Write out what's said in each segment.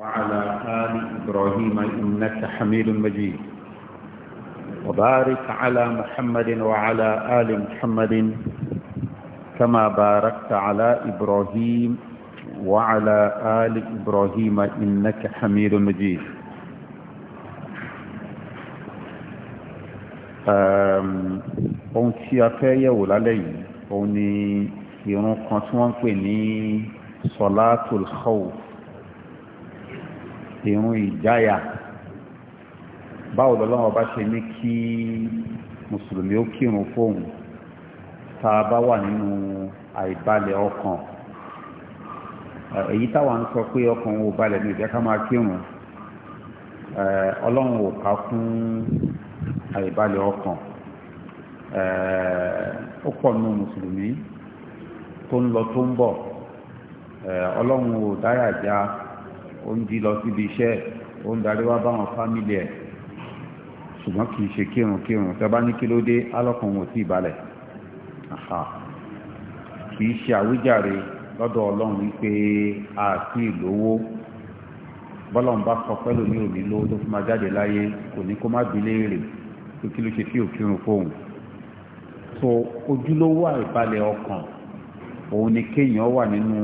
وعلى آل إبراهيم إنك حميد مجيد وبارك على محمد وعلى آل محمد كما باركت على إبراهيم وعلى آل إبراهيم إنك حميد مجيد أم tí a أم yẹ̀wò lálẹ́ yìí òun ni ìrun ìjáyà báwo lọ́lọ́wọ́ bá ṣe ní kí mùsùlùmí ó kírun fóun tá a bá wà nínú àìbalẹ̀ ọkàn èyí táwa ń sọ pé ọkàn ò balẹ̀ ní ìjẹ́ ká máa kírun ọlọ́run ò ká fún àìbalẹ̀ ọkàn ó pọ̀ nínú mùsùlùmí tó ń lọ tó ń bọ̀ ọlọ́run ò dáyà já ó ń di lọ síbi iṣẹ́ ó ń darí wá báwọn fámìlì ẹ̀ ṣùgbọ́n kì í ṣe kírun kírun tẹ́ bá ní kí ló dé alọ́kùnrin ò tí ì balẹ̀ kì í ṣe àwíjàre lọ́dọ̀ ọlọ́run wípé àti ìlówó bọ́lọ́run bá sọ pẹ́lú ní òní lówó tó fi máa jáde láyé kò ní kó má bi léèrè pé kí ló ṣe tí ò fóun so ojúlówó àìbalẹ̀ ọkàn òun ni kéèyàn wà nínú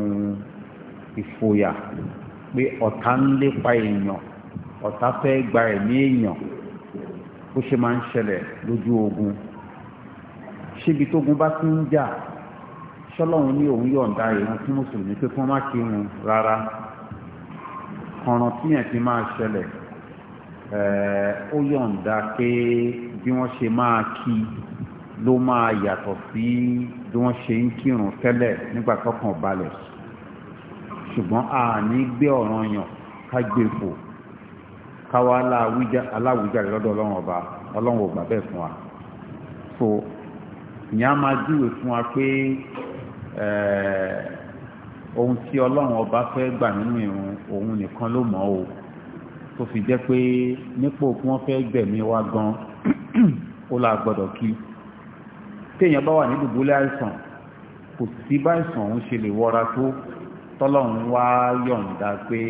ìfòyà pé ọ̀tá ń lépa èèyàn ọ̀tá fẹ́ gba ẹ̀mí èèyàn ó ṣe máa ń ṣẹlẹ̀ lójú ogun ṣébi tógun bá ti ń jà ṣọ́lọ́run ní òun yọ̀ǹda ìran fún mùsùlùmí pé kí wọ́n má kírun rárá ọ̀ràn tíyàn ti máa ṣẹlẹ̀ eh, ó yọ̀ǹda pé bí wọ́n ṣe máa kí ló máa yàtọ̀ sí bí wọ́n ṣe ń kírun tẹ́lẹ̀ nígbà tọ́kàn balẹ̀ sí ṣùgbọ́n a ní gbé ọ̀ràn yàn ká gbé fò káwa aláwùjáre lọ́dọ̀ ọlọ́run ọba ọlọ́run ò gbà bẹ́ẹ̀ fún wa so ìyẹn a máa júwe fún wa pé eh, ohun tí ọlọ́run ọba fẹ́ gbà nínú ìrun òun nìkan ló mọ̀ o tó fi jẹ́ pé nípò kí wọ́n fẹ́ gbẹ̀mí wa gan ó la gbọ́dọ̀ kí téèyàn bá wà ní dùbúlẹ̀ àìsàn kò sí báìsàn òun ṣe lè wọra tó tọ́lọ́run wá yọ̀ǹda pé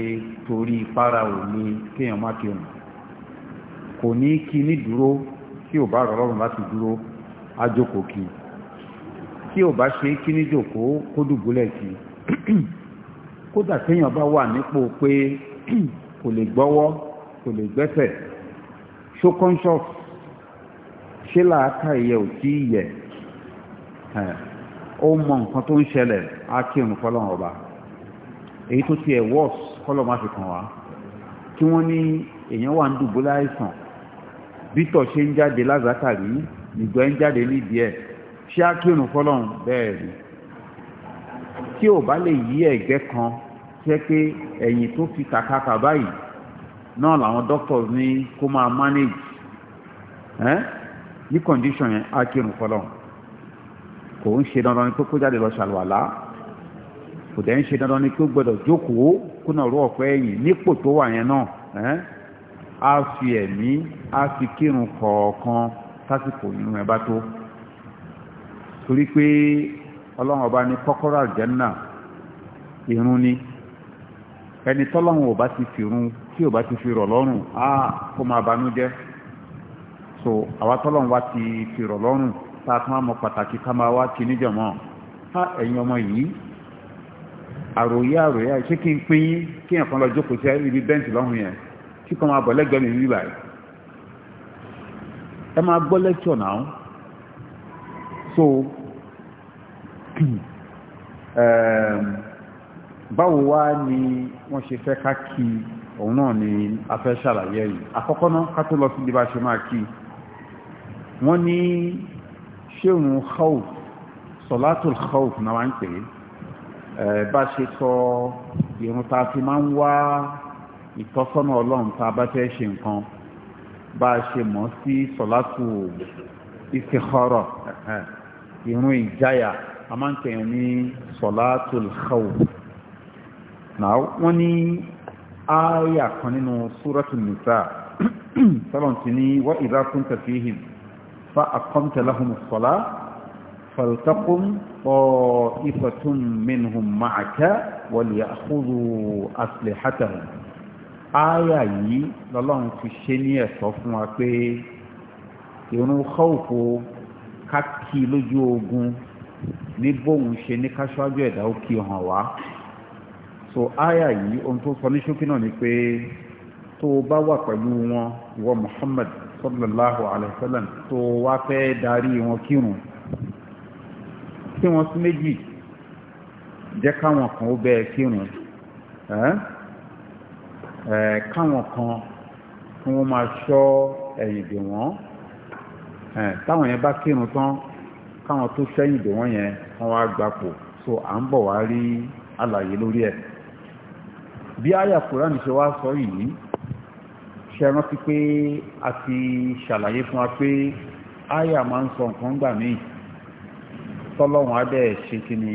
torí para ò ní kéèyàn má kéèyàn kò ní kí ní dúró tí ò bá rọrùn láti dúró ájókòó kí tí ò bá ṣe kí ní jòkóó kó dùbúlẹ̀ kí kódà téèyàn bá wà nípò pé kò lè gbọ́wọ́ kò lè gbẹ́sẹ̀ ṣó conscious ṣé làákà ìyẹ ò tí ì yẹ ó mọ nǹkan tó ń ṣẹlẹ̀ á kírun fọlọ́run ọba èyí tó ti ẹ̀ wọ́ọ̀sì kọ́lọ̀ má fi kàn wá tí wọ́n ní èèyàn wà ń dùbò láìsàn bítọ̀ ṣe ń jáde lázàkàrí ìgbọ́ ń jáde nídìí ẹ̀ ṣé á kírun fọlọ́run bẹ́ẹ̀ rí tí ò bá lè yí ẹ̀gbẹ́ kan jẹ́ pé ẹ̀yìn tó fi kàkàkà báyìí náà làwọn doctors ní kó máa manage ẹ́ ní condition yẹn á kírun fọlọ́run kò ń ṣe dandan ní pé jáde lọ ṣàlùwàlá kò dẹ̀ ń ṣe dandan ni kí ó gbọ́dọ̀ jókòó kúnà rú ọ̀pẹ́ ẹ̀yìn nípò tó wà yẹn náà á fi ẹ̀mí á fi kírun kọ̀ọ̀kan sásìkò inú ẹ bá tó torí pé ọlọ́run ọba ní kọ́kọ́rọ́ àlùjánnà irun ni ẹni tọ́lọ́run ọba ti fi run tí ọba ti fi rọ̀ lọ́rùn á kó máa banú jẹ́ so àwa tọ́lọ́run wa ti fi rọ̀ lọ́rùn tá a tún á mọ pàtàkì ká máa wá kí níjọ̀mọ́ ẹ̀yin ọmọ yìí àròyé àròyé ṣé kí n pín yín kí n kan lọ jókòó sí ibi bẹ́ǹtì lọ́hùn yẹn kí kan máa bọ̀ lẹ́gbẹ̀ẹ́ mi bíbà yìí ẹ máa gbọ́ lẹ́kṣọ̀ náà so báwo wá ni wọ́n ṣe fẹ́ ká kí òun náà ni a fẹ́ ṣàlàyé yìí àkọ́kọ́ náà ká tó lọ sí ibi ṣe máa kí wọ́n ní ṣéun khawf sọ̀látùl khawf náà wá ń pè é bá ṣe sọ ìrun ta fi máa ń wá ìtọ́sọ́nà ọlọ́run ta bá fẹ́ ṣe nǹkan bá ṣe mọ̀ sí sọ̀látù istikhara ìrun ìjáyà a máa ń kẹ̀yàn ní sọ̀látù khawf wọ́n ní ááyà kan nínú súrọ́tù nìta sọ́lọ́ntì ní wa idha kunta fihim fa aqamta طائفة منهم معك وليأخذوا أسلحتهم آية yìí lọ́lọ́run fi ṣe ní ẹ̀sọ́ fún wa pé ìrun khawfu kákì lójú ogun ní bóun ṣe ní káṣáájú ẹ̀dá ó kí hàn wá so áyà yìí ohun tó sọ ní ṣókí náà ni pé tó o bá wà pẹ̀lú wọn ìwọ Muhammad sallallahu alayhi wa sallam tó o wá fẹ́ darí wọn kírun tí wọ́n sí méjì jẹ́ káwọn kan ó bẹ́ẹ̀ kírun káwọn kan kí wọ́n máa ṣọ́ ẹ̀yìn dè wọ́n táwọn yẹn bá kírun tán káwọn tó sẹ́yìn dè wọ́n yẹn wọ́n wá gbapò so à ń bọ̀ wá rí àlàyé lórí ẹ̀ bí àyà Kùránì ṣe wá sọ yìí ṣe rántí pé a ti ṣàlàyé fún wa pé àyà máa ń sọ nǹkan gbà míì tọ́lọ́wọ́n adẹ́ ṣe kí ni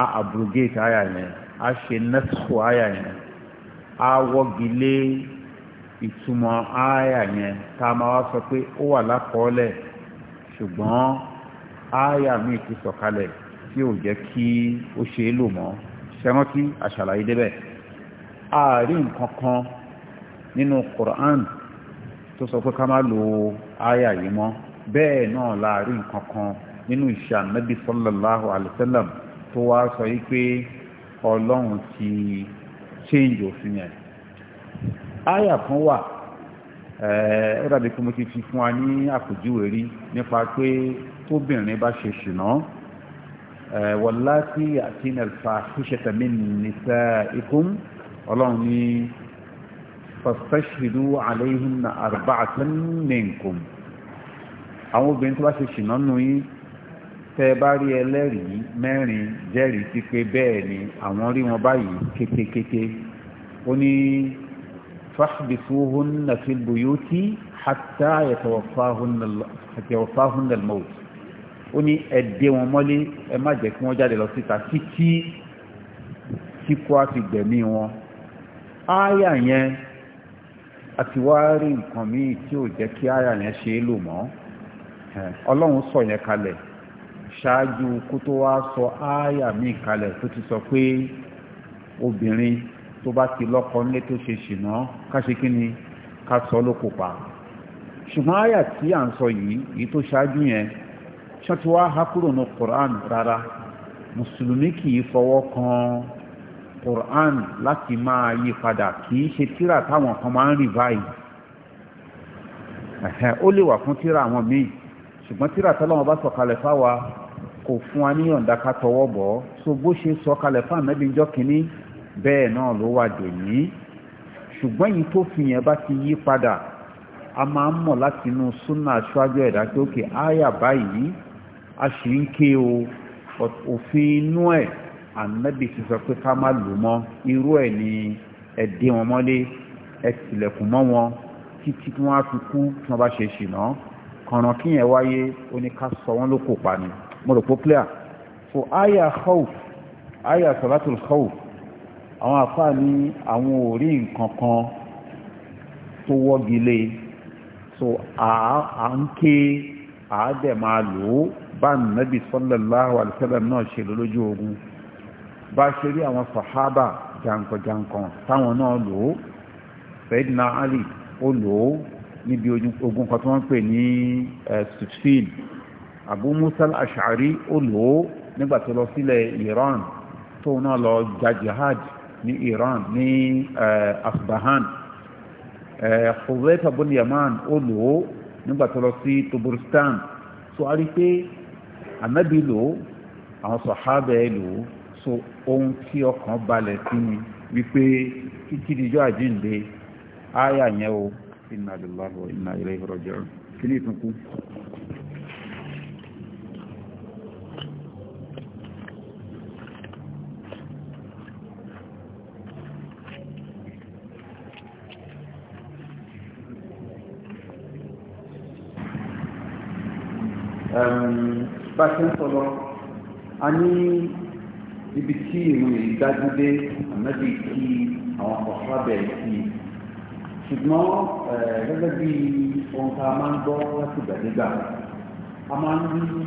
a abrogate àyà yẹn a ṣe nẹ́tìfù àyà yẹn a wọ́gi lé ìtumọ̀ àyà yẹn tá a máa wá sọ pé ó wà lákọọ́lẹ̀ ṣùgbọ́n àyà míì ti sọ̀kalẹ̀ tí ò jẹ́ kí ó ṣe é lò mọ́ ṣẹ́rántí àṣàlàyé débẹ̀ a rí nínú Qur'an tó sọ pé ká má lo àyà yìí mọ́ bẹ́ẹ̀ náà la rí nínú ìṣe ànábì sallallahu alaihi wasallam tó wá sọ yí pé ọlọ́run ti change òfin yẹn àyà kan wà ó dàbí pé mo ti fi fún wa ní àpèjúwe rí nípa pé tóbìnrin bá ṣe ṣìnà wọláàtì àti nàìjíríà fúnṣẹtẹ mi nìṣẹ ọlọ́run ní fàṣẹṣìlú àlẹyìn àrùbá àtẹnìkùn àwọn obìnrin tó bá ṣe ṣìnà nù yín tẹ́ ẹ bá rí ẹlẹ́rìí mẹ́rin jẹ́rìí sí pé bẹ́ẹ̀ ni àwọn rí wọn báyìí kétékété ó ní fahbisuhunna fil buyuti hatta yatawaffahunna al-maut ó ní ẹ dè wọn mọ́lé ẹ má jẹ́ kí wọ́n jáde lọ síta títí kíkọ́ àti gbẹ̀mí wọn ááyà yẹn àti wá rí nǹkan míì tí ò jẹ́ kí ááyà yẹn ṣe é lò mọ́ ọlọ́run sọ yẹn kalẹ̀ ṣáájú kó tó wá sọ ááyà míì kalẹ̀ tó ti sọ pé obìnrin tó bá ti lọ́kọ nílé tó ṣe ṣìnà káṣe kí ni ká sọ ló kò pa ṣùgbọ́n ááyà tí à ń sọ yìí èyí tó ṣáájú yẹn ṣọ́tí wá há kúrò ní Qur'an rárá mùsùlùmí kì í fọwọ́ kan Qur'an láti máa yí padà kì í ṣe tíra táwọn kan máa ń rí báyìí ó lè wà fún tíra àwọn míì ṣùgbọ́n tíra tọ́lọ́wọ́n bá sọ̀kalẹ̀ fáwa kò fún wa níyọ̀ǹda ká tọwọ́ bọ̀ ọ́ so bó ṣe sọ kalẹ̀ fún ànábì ńjọ́ kínní bẹ́ẹ̀ náà ló wà dèní ṣùgbọ́n yìí tó fi yẹn bá ti yí padà a máa ń mọ̀ láti inú súnà aṣáájú ẹ̀dá pé òkè áyà báyìí a sì ń ké o òfin inú ẹ̀ ànábì ti sọ pé ká má lò mọ́ irú ẹ̀ ni ẹ dé wọn mọ́lé ẹ tilẹ̀kùn mọ́ wọn títí tí á fi kú tí wọ́n bá ṣe ṣìnà kọ̀ọ̀ràn kíyẹn wáyé ó ní ká sọ wọ́n ló kópa ni mo rò clear so aya khawf aya salatul khawf àwọn àfáà ní àwọn ò rí nǹkan kan tó wọ́gi so à ń ké àádẹ́ máa lò ó bá nàbí sallallahu alaihi wasallam náà ṣe lójú ogun bá ṣe rí àwọn sàhábà jankan-jankan táwọn náà lò ó Sayyidina Ali ó lò ó níbi ogun kan tó wọ́n pè ní eh, Siffin abu musa al-ash'ari ó lò ó nígbà tó lọ sílẹ̀ iran tóun náà lọ ja jihad ní iran ní eh, asbahan eh, hudhaifa bin yaman ó lò ó nígbà tó lọ sí tuburistan so a rí i pé anabi lò ó àwọn sọ̀hábẹ́ lò so ohun tí ọkàn balẹ̀ sí ni wípé títí dijọ́ àjíǹde ááyà yẹn o inna lillahi wa inna ilayhi raji'un kí ni ìtúnkù. bá ṣe ń sọ̀rọ̀ a ní ibi tí ìrùn yìí dájú dé ànábì kí àwọn ọ̀sábẹ̀ kí ṣùgbọ́n gẹ́gẹ́ bí ohun tá a máa ń gbọ́ láti ìgbàdégbà a máa ń rí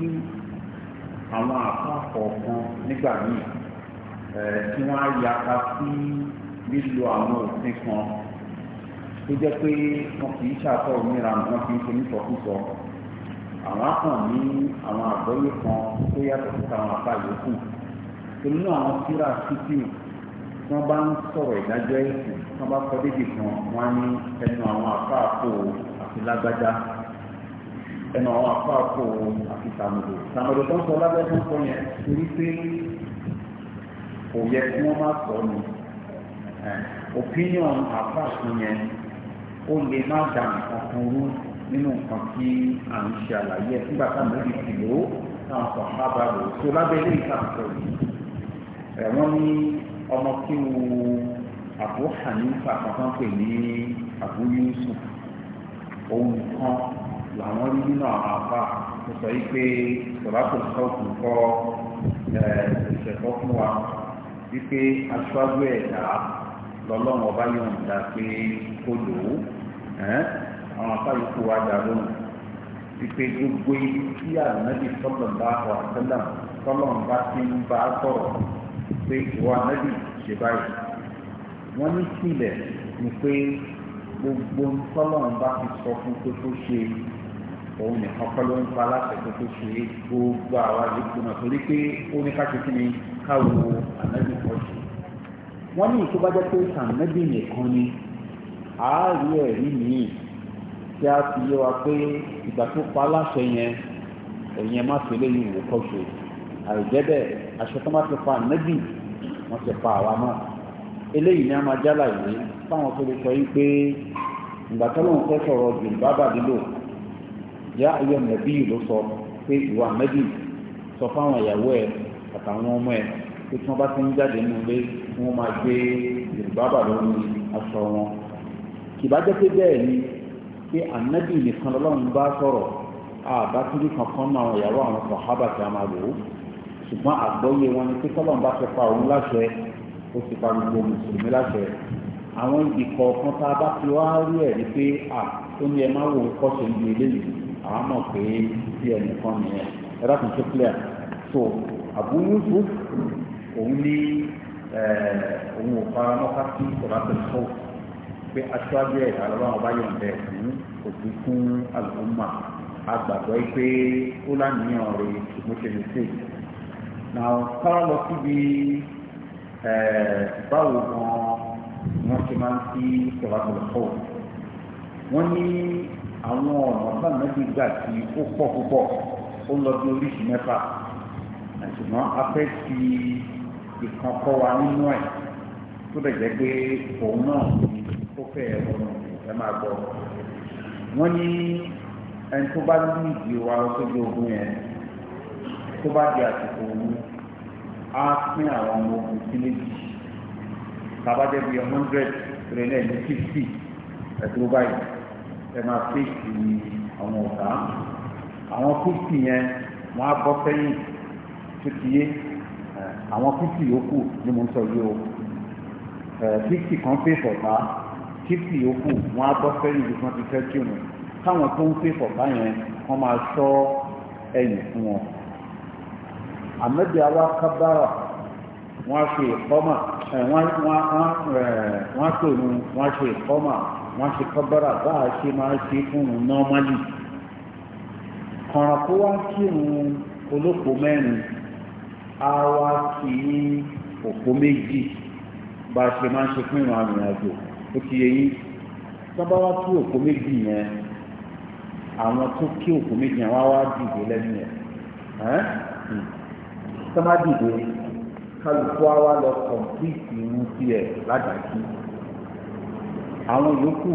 àwọn àpá kọ̀ọ̀kan nígbà míì tí wọ́n á yapa sí lílo àwọn òfin kan tó jẹ́ pé wọ́n kì í ṣàtọ̀ òmìnira wọn kì í ṣe nítọ̀kùsọ àwọn akàn ní àwọn àgbọ́yé kan tó yàtọ̀ síta àwọn apá yòókù torí náà àwọn síra títí tí wọ́n bá ń sọ̀rọ̀ ìdájọ́ ẹ̀sìn tí wọ́n bá kọ́ dédé kan wọ́n á ní ẹnu àwọn apá àpò àti lágbájá ẹnu àwọn apá àpò àti tàmùdò tàmùdò tó ń sọ lábẹ́ tó ń sọ yẹn torí pé kò yẹ kí wọ́n má sọ ni opinion apá àpò yẹn ó lè má dà nǹkan kan rú nínú nǹkan tí à ń ṣe àlàyé nígbà táwọn ẹbí ti lò ó táwọn sọ bábà lò ó tó lábẹ́lé ìtàkùn yìí ẹ̀ wọ́n ní ọmọ kí wo Abu Hanifa kankan pè ní Abu Yusuf òun kan làwọn rí nínú àwọn àbá tó sọ yìí pé sọ̀rọ̀tò sọ́ọ̀kù kọ́ ìṣẹ̀kọ́ fún wa wípé aṣáájú ẹ̀dá lọ́lọ́run ọba yóò ń dá pé kó lò ó àwọn afáyí kò wá dà lóhùn wípé gbogbo ibi tí ànábì sọ́lọ̀ bá wà sọ́lọ̀ sọ́lọ̀ bá ti ń bá sọ̀rọ̀ pé ìwà ànábì ṣe báyìí wọ́n ní sílẹ̀ ni pé gbogbo sọ́lọ̀ bá ti sọ fún pé kó ṣe òun nìkan kọ́ ló ń pa aláṣẹ pé kó ṣe gbogbo àwa yòókù náà torí pé ó ní ká ṣe kí ni káwo ànábì kan ṣe wọ́n ní ìtúbájẹ́ pé ànábì nìkan ni àárí ẹ̀rí mìíràn tí a fi yé wa pé ìgbà tó pa aláṣẹ yẹn ẹ̀yin ẹ̀ má fi léyìn wò kọ́ṣe àìjẹ́ bẹ́ẹ̀ aṣọ tó má ti pa nẹ́bì wọ́n ti pa àwa náà eléyìí ni a máa jálà yìí fáwọn tó lè sọ yìí pé ìgbà tó lóun fẹ́ sọ̀rọ̀ jùlọ bábà nílò yá ayọ̀ nẹ́bì ló sọ pé ìwà nẹ́bì sọ fáwọn ìyàwó ẹ̀ àtàwọn ọmọ ẹ̀ pé tí wọ́n bá ti ń jáde nínú ilé wọ́n máa gbé jùlọ bábà lórí aṣọ wọn kì pé ànábì nìkan lọ́lọ́run bá sọ̀rọ̀ àbátúndì kankan náà àwọn ìyàwó àwọn sàhábà tí a máa lò ó ṣùgbọ́n àgbọ́yé wọn ni pé tọ́lọ́run bá fẹ́ pa òun láṣẹ ó sì pa gbogbo mùsùlùmí láṣẹ àwọn ibì kọ̀ọ̀kan tá a bá fi wá rí ẹ̀ ni pé à ó ní ẹ má wo nǹkan ṣe ń di eléyìí àwọn mọ̀ pé bí ẹnìkan nìyẹn ẹ dákun tó clear so Abu Yusuf òun ní òun ò fara mọ́ sí ọ̀rá pẹ̀lú pé aṣáájú ẹ̀dá lọ́wọ́ bá yọ̀ bẹ́ẹ̀ fún òbí fún àlùmọ́ agbàgbọ́ pé ó lánìyàn rẹ̀ ṣùgbọ́n ṣe lè ṣe. nà kára lọ síbi báwo gan wọ́n ṣe máa ń fi sọ̀rọ̀ pọ̀. wọ́n ní àwọn ọ̀nà náà méjì gbà tí ó pọ̀ púpọ̀ ó lọ bí oríṣi mẹ́fà ṣùgbọ́n a fẹ́ fi ìkan kọ́ wa nínú ẹ̀ tó dẹ̀ jẹ́ pé òun náà ó fẹ́ ẹ̀rọ ẹ máa gbọ́ wọ́n ní ẹni tó bá ní ìdí wa lọ́sọ́jú ogun yẹn tó bá di àsìkò òun á pín àwọn ọmọ ogun sí méjì tàbájẹ́ bíi hundred rẹ̀ náà ní fifty ẹ̀dúró báyìí ẹ máa fèsì àwọn ọ̀tá àwọn fifty yẹn wọ́n á bọ́ sẹ́yìn tó ti àwọn fifty yòókù ni mo ń sọ yìí o fifty kan fèsì ọ̀tá kíkì yòókù wọn á bọ́ fẹ́rí ibi tí wọ́n ti fẹ́ kí òun káwọn tó ń pè fọ̀bá yẹn wọ́n máa ṣọ́ ẹ̀yìn fún wọn. àmọ́dé awa kábàrà wọ́n á ṣe ìkọ́mà wọ́n á tòun wọ́n á ṣe ìkọ́mà wọ́n á ṣe kábàrà bá a ṣe máa ṣe fún un nọ́ọ́málì. kọ̀ọ̀ràn kó wá kírun olóko mẹ́rin á wá kí òpó méjì bá a ṣe máa ṣe fún ìrìn àjò ó ti yẹ yín sábà wá tú òkú méjì yẹn àwọn tó kí òkú méjì yẹn wá wá dìde lẹ́nu yẹn sábà hmm. dìde kálukú wa wá lọ kọ̀m̀pìtì irun tiẹ̀ ládàkí àwọn yòókù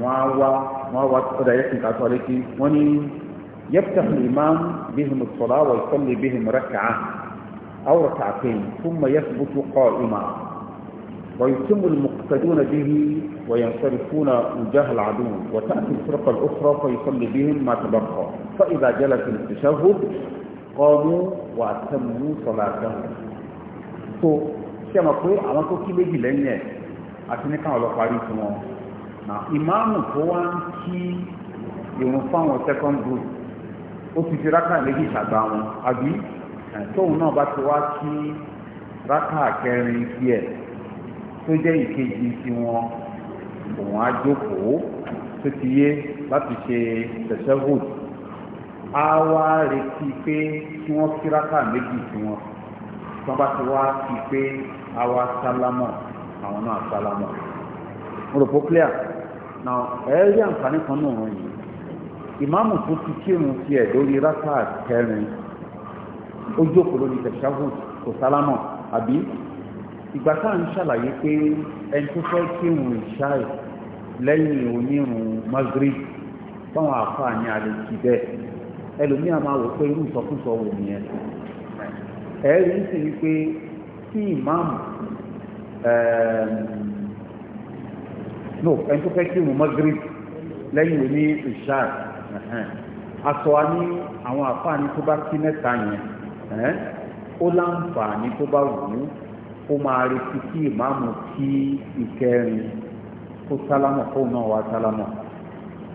wọn á wá wọn á wá ọ̀dà yẹn kìkà tó alẹ́ kí wọ́n ní يفتح الإمام بهم الصلاة ويصلي بهم ركعة أو ركعتين ثم يثبت قائما ويتم يفقدون به وينصرفون وجاه العدو وتأتي الفرقة الأخرى فيصلي بهم ما تبقى فإذا جلس التشهد قاموا وأتموا صلاتهم so ṣe mọ̀ pé àwọn tó kí méjì lẹ́yìn ẹ̀ àti ní káwọn lọ parí fún wọn na ìmáàmù tó wá ń kí ìrun fáwọn second group ó ti fi rákà méjì ṣàgbà wọn àbí tóun náà bá ti wá kí rákà kẹrin sí ẹ̀ tó jẹ́ ìkejì tiwọn òun á jókòó tó ti yé láti ṣe tẹ̀sẹ̀hùd á wá retí pé kí wọ́n kíráka méjì tiwọn tó bá ti wá fi pé á wá sálámọ̀ àwọn náà sálámọ̀ mo rò pó clear now ẹ̀ẹ́rì àǹfààní kan náà wọ̀nyí ìmáàmù tó ti kírun ti ẹ̀ lórí rákà kẹrin ó jókòó lórí tẹ̀síágùn kò sálámọ̀ àbí ìgbà tá à ń ṣàlàyé pé ẹni tó fẹ́ kéwòn ìṣáì lẹ́yìn onírun maghrib táwọn àfáà ní alẹ́ ti bẹ́ẹ̀ ẹlòmíà máa wò pé irú ìsọkúsọ wò nìyẹn ẹ̀rí ń sìn wípé tí ìmáàmù no ẹni tó fẹ́ kéwòn maghrib lẹ́yìn oní ìṣáì aṣọ wa ní àwọn àfáà ní tó bá kí mẹ́ta yẹn ó láǹfààní tó bá wù ú ó máa retí kí ìmáàmù kí ìkẹrin kó sálámọ̀ kó náà wá sálámọ̀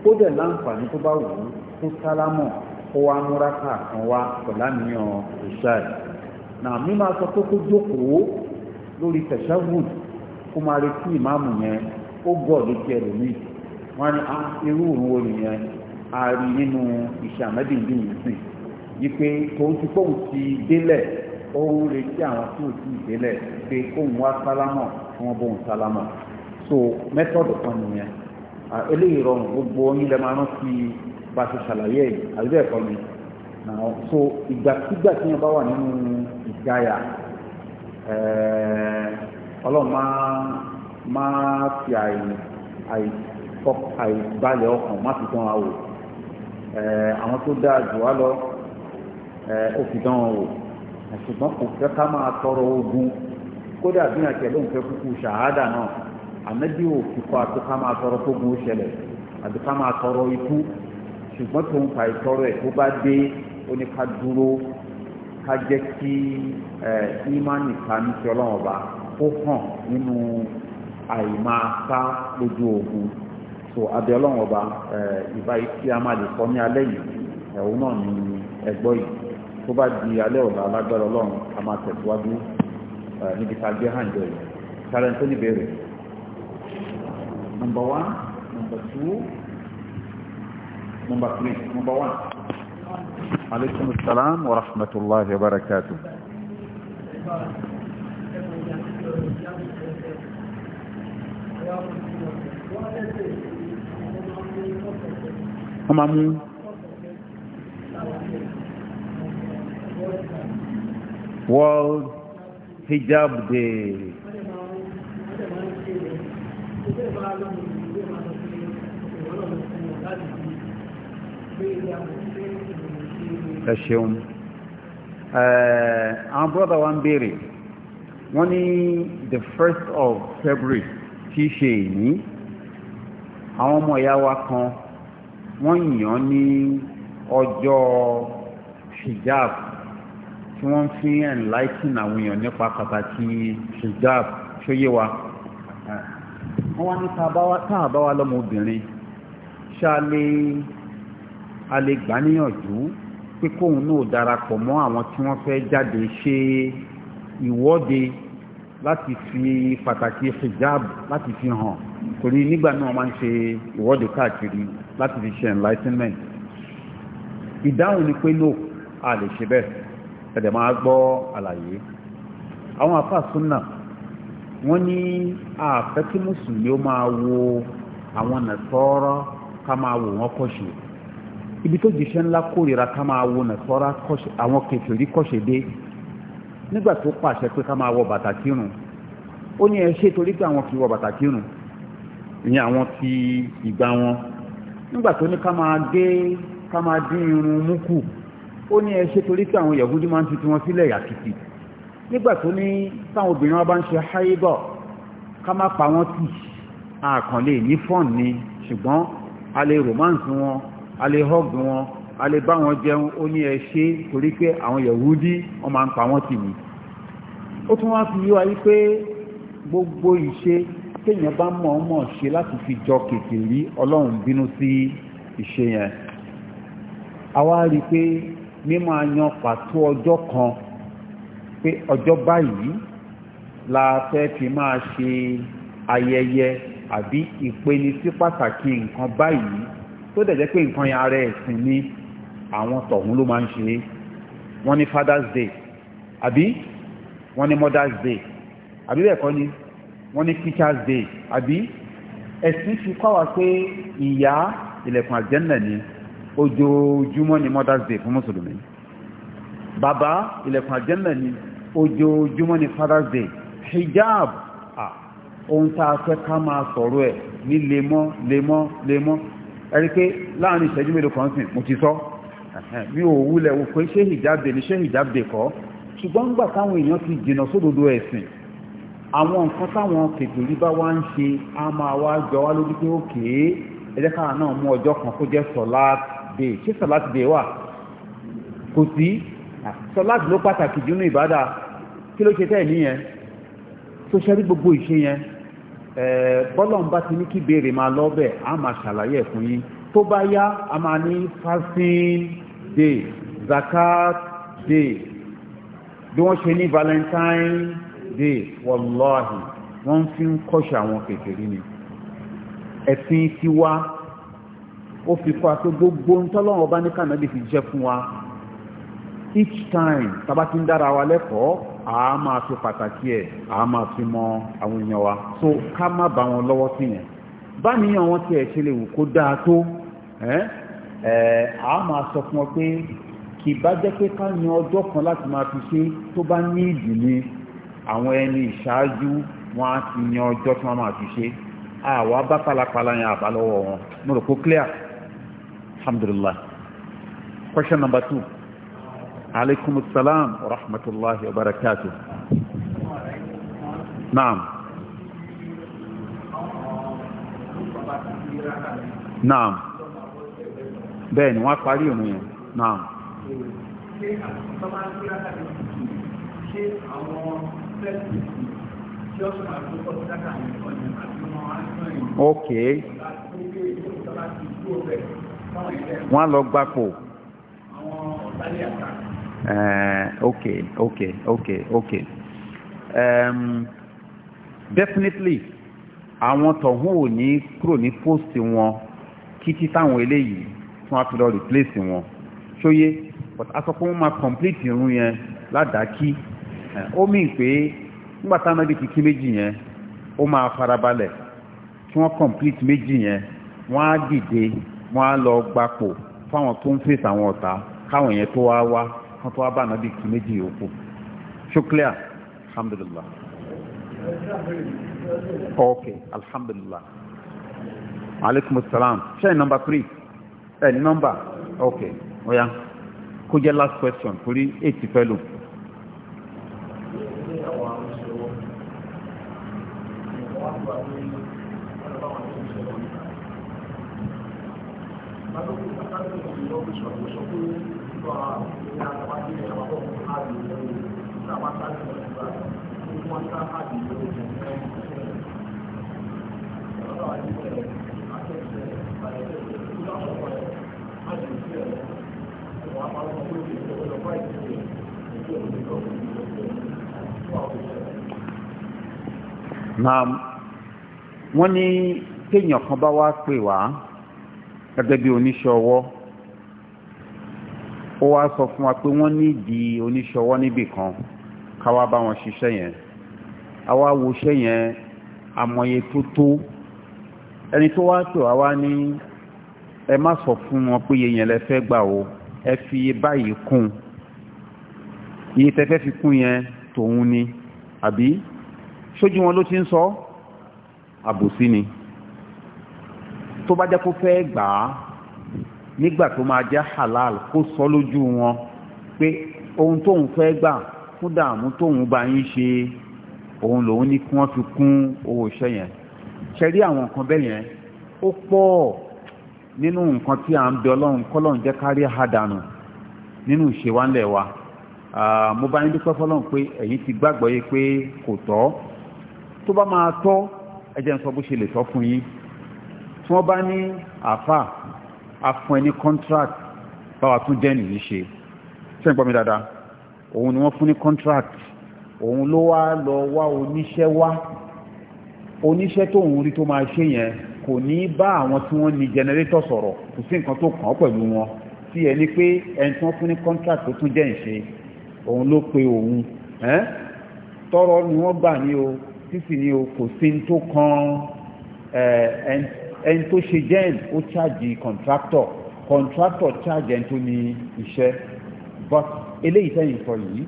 ó dẹ̀ láǹfààní tó bá wù ú kó sálámọ̀ kó wá múra káàkan wá pẹ̀láníyàn ìṣáì náà mi máa sọ pé kó jókòó lórí tẹ̀sẹ̀wùd kó máa retí ìmáàmù yẹn ó gọ̀ létí ẹlòmíì wọ́n ní ah, irú òun wo nìyẹn a rí nínú ìṣàmẹ́dìndínlẹ́sìn yìí pé tòun ti pòun ti délẹ̀ ó ń retí àwọn tí ò tí ì délẹ̀ pé kóun wá sálámọ̀ kí wọ́n bóun sálámọ̀ so mẹ́tọ̀dù kan nìyẹn eléyìí rọrùn gbogbo oyin lè máa rántí bá a ṣe ṣàlàyé yìí àbíbẹ̀ ẹ̀kọ́ mi so ìgbàkígbà tí wọ́n bá wà nínú ìjáyà eh, ọlọ́run máa máa fi àìbalẹ̀ ọkàn má fi dán wa wò eh, àwọn tó dáa jù wá lọ eh, ó fi dán wọn ṣùgbọ́n kò fẹ́ ká máa tọrọ ogun kódà bí àti ẹlòmùn fẹ́ kúkú ṣàhádà náà ànábì ò fi kọ́ àti ká máa tọrọ kógun ó ṣẹlẹ̀ àti ká máa tọrọ ikú ṣùgbọ́n tó ń fa ìtọrọ ẹ̀ tó bá dé ó ní ká dúró ká jẹ́ kí ẹ̀ ìmánì ká ti ọlọ́run ọba ó hàn nínú àìmáa sá lójú ogun so abẹ ọlọ́run ọba ẹ̀ ìbáyìí tí a máa lè sọ ní alẹ́ yìí ẹ̀hún náà ní ẹgbọ́ yìí tó bá di alẹ́ ọ̀la alágbára ọlọ́run a máa tẹ̀síwájú níbi tá a gbé hàn jọ yìí sáré tó ní bẹ̀rẹ̀ number one number two number three number one. aleykum mú World Hijab Day. ẹ ṣeun eh, àwọn brother wa ń béèrè wọ́n ní the first of February tí í ṣe ìní àwọn ọmọ ìyá wa kan wọ́n yàn ní ọjọ́ hijab tí wọ́n fi enlighten àwọn èèyàn nípa pàtàkì hijab ṣóyé wa wọ́n wá ní táà bá wá lọ́mọ ṣá a lè gbà níyànjú pé kóun náà darapọ̀ mọ́ àwọn tí wọ́n fẹ́ jáde ṣe ìwọ́de láti fi pàtàkì hijab láti fi hàn torí nígbà náà máa ń ṣe ìwọ́de káàkiri láti fi ṣe enlightenment ìdáhùn ni pé no a lè ṣe bẹ́ẹ̀ ẹ̀dẹ̀ máa gbọ́ àlàyé àwọn àfà súnà wọ́n ní àfẹ́ kí mùsùlùmí ó máa wo àwọn nàṣọ́rọ́ ká máa wò wọ́n kọ́ṣe ibi tó jíṣẹ́ ńlá kórìíra ká máa wo nàṣọ́rọ́ àwọn kẹfìrí kọ́ṣe dé nígbà tó pàṣẹ pé ká máa wọ bàtà kírun ó ní ẹ ṣe torí pé àwọn kì wọ bàtà kírun ìyẹn àwọn ti ìgbà wọn nígbà tó ní ká máa gé ká máa dín irun mú kù ó ní ẹ ṣe torí pé àwọn yahudi máa ń fi tiwọn sílẹ̀ yàtìtì nígbà tó ní táwọn obìnrin wọn bá ń ṣe háyébọ̀ ká má pa wọ́n tì àkànlé ní fọ́ọ̀n ni ṣùgbọ́n a lè romance wọn a lè hug wọn a lè bá wọn jẹun ó ní ẹ ṣe torí pé àwọn yahudi wọn máa ń pa wọ́n tì ní ó tún wá fi yíwa yí pé gbogbo ìṣe téèyàn bá mọ̀ ọ́n mọ̀ ṣe láti fi jọ kèké ọlọ́run bínú sí ìṣe yẹn a rí i pé mímọ yan pàtó ọjọ́ kan pé ọjọ́ báyìí la fẹ́ fi máa ṣe ayẹyẹ àbí ìpeni sí pàtàkì nǹkan báyìí tó dẹ̀ pé nǹkan yẹn ara ẹ̀sìn ni àwọn tọ̀hún ló máa ń ṣe wọ́n ní father's day àbí wọ́n ní mother's day àbí bẹ́ẹ̀ kọ́ ni wọ́n ní teacher's day àbí ẹ̀sìn fi kọ́ wa pé ìyá ilẹ̀kùn àjẹ́nà ni ojoojúmọ́ ni mother's day fún mùsùlùmí bàbá ilẹ̀kùn àjẹ́mẹ̀ ni ojoojúmọ́ ni father's day hijab ohun tá a fẹ́ ká máa sọ̀rọ̀ ẹ̀ ní lemọ́ lemọ́ lemọ́ ẹ̀rí pé láàrin ìṣẹ́jú mélòó kan sìn mo ti sọ mi ò wulẹ̀ wò pé ṣé hijab day ni ṣé hijab day kọ́ ṣùgbọ́n nígbà táwọn èèyàn ti jìnnà sódodo ẹ̀sìn àwọn nǹkan táwọn kètòrí bá wá ń ṣe a máa wá jọ wá lójú pé ó kéé ẹ̀jẹ̀ káà náà mú ọjọ́ kan kó jẹ́ sọ̀láàtì day ṣé sọláàtì day wà kò sí sọláàtì ló pàtàkì jù ní ìbádà kí ló ṣe tẹ́ẹ̀ níyẹn tó ṣe rí gbogbo ìṣe yẹn bọ́lọ̀n bá ti ní kí béèrè máa lọ́bẹ̀ á máa ṣàlàyé ẹ̀ yín tó bá yá a máa ní fasting day zakat day bí wọ́n ṣe ní valentine day wàláhì wọ́n fi ń kọ́ṣà àwọn kékeré ni ẹ̀sìn tiwa ó fi kọ́ àti gbogbo ń tọ́lọ́wọ́ bá ní kànáàbì fi jẹ́ fún wa each time tàbá ti ń dára wa lẹ́kọ̀ọ́ a máa fi pàtàkì ẹ̀ a máa fi mọ àwọn èèyàn wa so ká má bá wọn lọ́wọ́ sí yẹn bá níyàn wọn tiẹ̀ ṣe lè wù kó dáa tó a máa sọ fún ọ pé kì bá jẹ́ pé ká yan ọjọ́ kan láti máa fi ṣe tó bá ní ìdí ni àwọn ẹni ìṣáájú wọn á ti yan ọjọ́ tí wọ́n máa fi ṣe àwa bá pálapàla yẹn àbá wọn mo rò kó clear الحمد لله question number two عليكم السلام ورحمة الله وبركاته نعم نعم بين واقع اليوم نعم Okay. wọ́n lọ gbapò eh, ok ok ok ok um, definitely àwọn tọ̀hún ò ní kúrò ní post wọn títí táwọn eléyìí tí wọ́n á fi lọ replace wọn ṣóyé but a sọ pé wọ́n máa complete irun yẹn ládàákí eh, ó mì pé nígbà táwọn ẹbí kìkí méjì yẹn ó máa farabalẹ̀ tí wọ́n complete méjì yẹn wọ́n á dìde wọ́n á lọ gbapò fáwọn tó ń fèsì àwọn ọ̀tá káwọn yẹn tó wá wá wọ́n tó wá bá ànábì kí méjì yòókù ṣúklíà alhamdulillah ok alhamdulillah aleykum salam ṣẹ́yìn nọmba three ẹ̀ ní nọmba ok oya kó jẹ́ last question torí eight fẹ́ lò. Thank you. naam wọ́n ní téèyàn kan bá wá pè wá gẹ́gẹ́ bí oníṣẹ́ ọwọ́ ó wá sọ fún wa pé wọ́n nídìí oníṣọwọ́ níbì kan káwá bá wọn ṣiṣẹ́ yẹn àwa wo iṣẹ́ yẹn àmọye tó tó ẹni tó wá pè wá wá ní ẹ má sọ fún wọn pé iye yẹn lẹ fẹ́ gbà o ẹ fi báyìí kún iye tẹ fi kún yẹn tòun ni àbí ṣójú wọn ló ti ń sọ àbòsí ni tó bá jẹ́ kó fẹ́ gbà á nígbà tó máa jẹ́ halal kó sọ lójú wọn pé ohun tóun fẹ́ gbà fún dààmú tóun bá yín ṣe òun lòun ní kí wọ́n fi kún owó iṣẹ́ yẹn ṣe àwọn nǹkan bẹ́ẹ̀ yẹn ó pọ̀ nínú nǹkan tí à ń bẹ ọlọ́run kọ́lọ́run jẹ́ kárí àdánù nínú ìṣèwánlẹ̀ wa mo bá yín dúpẹ́ fọlọ́run pé ẹ̀yin ti gbàgbọ́ yé pé kò tọ́ tó bá máa tọ́ ẹ jẹ́ n sọ bó ṣe lè tọ́ fún yín tí wọ́n bá ní àáfàá afún ẹni contract báwa tún dẹ́nì yìí ṣe ṣé ń gbọ́ mi dáadáa òun ni wọ́n fún ní contract òun ló wá lọ wá oníṣẹ́ wá oníṣẹ́ tó ń rí tó máa ṣe yẹn kò ní bá àwọn tí wọ́n ní generator sọ̀rọ̀ kò sí nǹkan tó kàn án pẹ̀lú wọn tí ẹ ní pé ẹni tí wọ́n fún ní contract tó tún jẹ́ ìṣe òun ló pe òun tọrọ ni wọ́n gbà ní o sísì ni o kò sí ní tó kan ẹni tó ṣe gen ó ṣáàjì contractor contractor ṣáàjì ẹni tó ní iṣẹ́ but eléyìí tẹ́yìn sọ yìí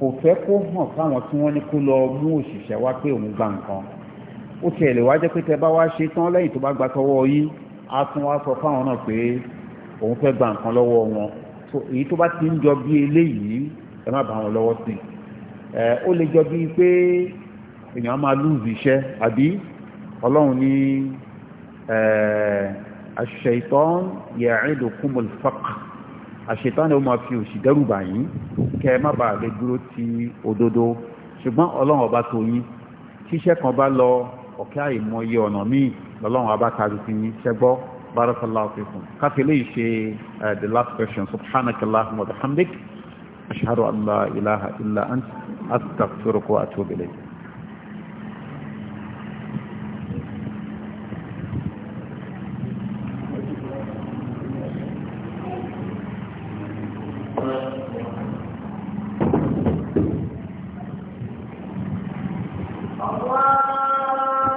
kò fẹ́ kó hàn fáwọn tí wọ́n ní kó lọ mú òṣìṣẹ́ wá pé òun gba nǹkan ó tiẹ̀ lè wá jẹ́ pé tẹ bá wá ṣe tán lẹ́yìn tó bá gba tọwọ́ yín á tún wá sọ fáwọn náà pé òun fẹ́ gba nǹkan lọ́wọ́ wọn èyí tó bá ti ń jọ bí eléyìí ẹ má bá wọn lọ́wọ́ sí i ó lè jọ bíi pé èèyàn máa lùzì iṣẹ́ àbí ọlọ́run ní Eh, aṣ-ṣaytan ya'idukumul faqr aṣ-ṣaytan ni ó máa fi òṣì dẹ́rùbà yín kẹ́ ẹ má bàa lè dúró ti òdodo ṣùgbọ́n ọlọ́run ọba tó yín tíṣẹ́ kan bá lọ ọ̀kẹ́ àìmọye ọ̀nà míì lọ́lọ́run ọba tàbí ti yín ṣẹ́gbọ́ barakallahu fikum káfílẹ̀ ṣe eh, the last question subhanakallahumma wa bihamdik ashhadu an la ilaha illa anta astaghfiruka wa atubu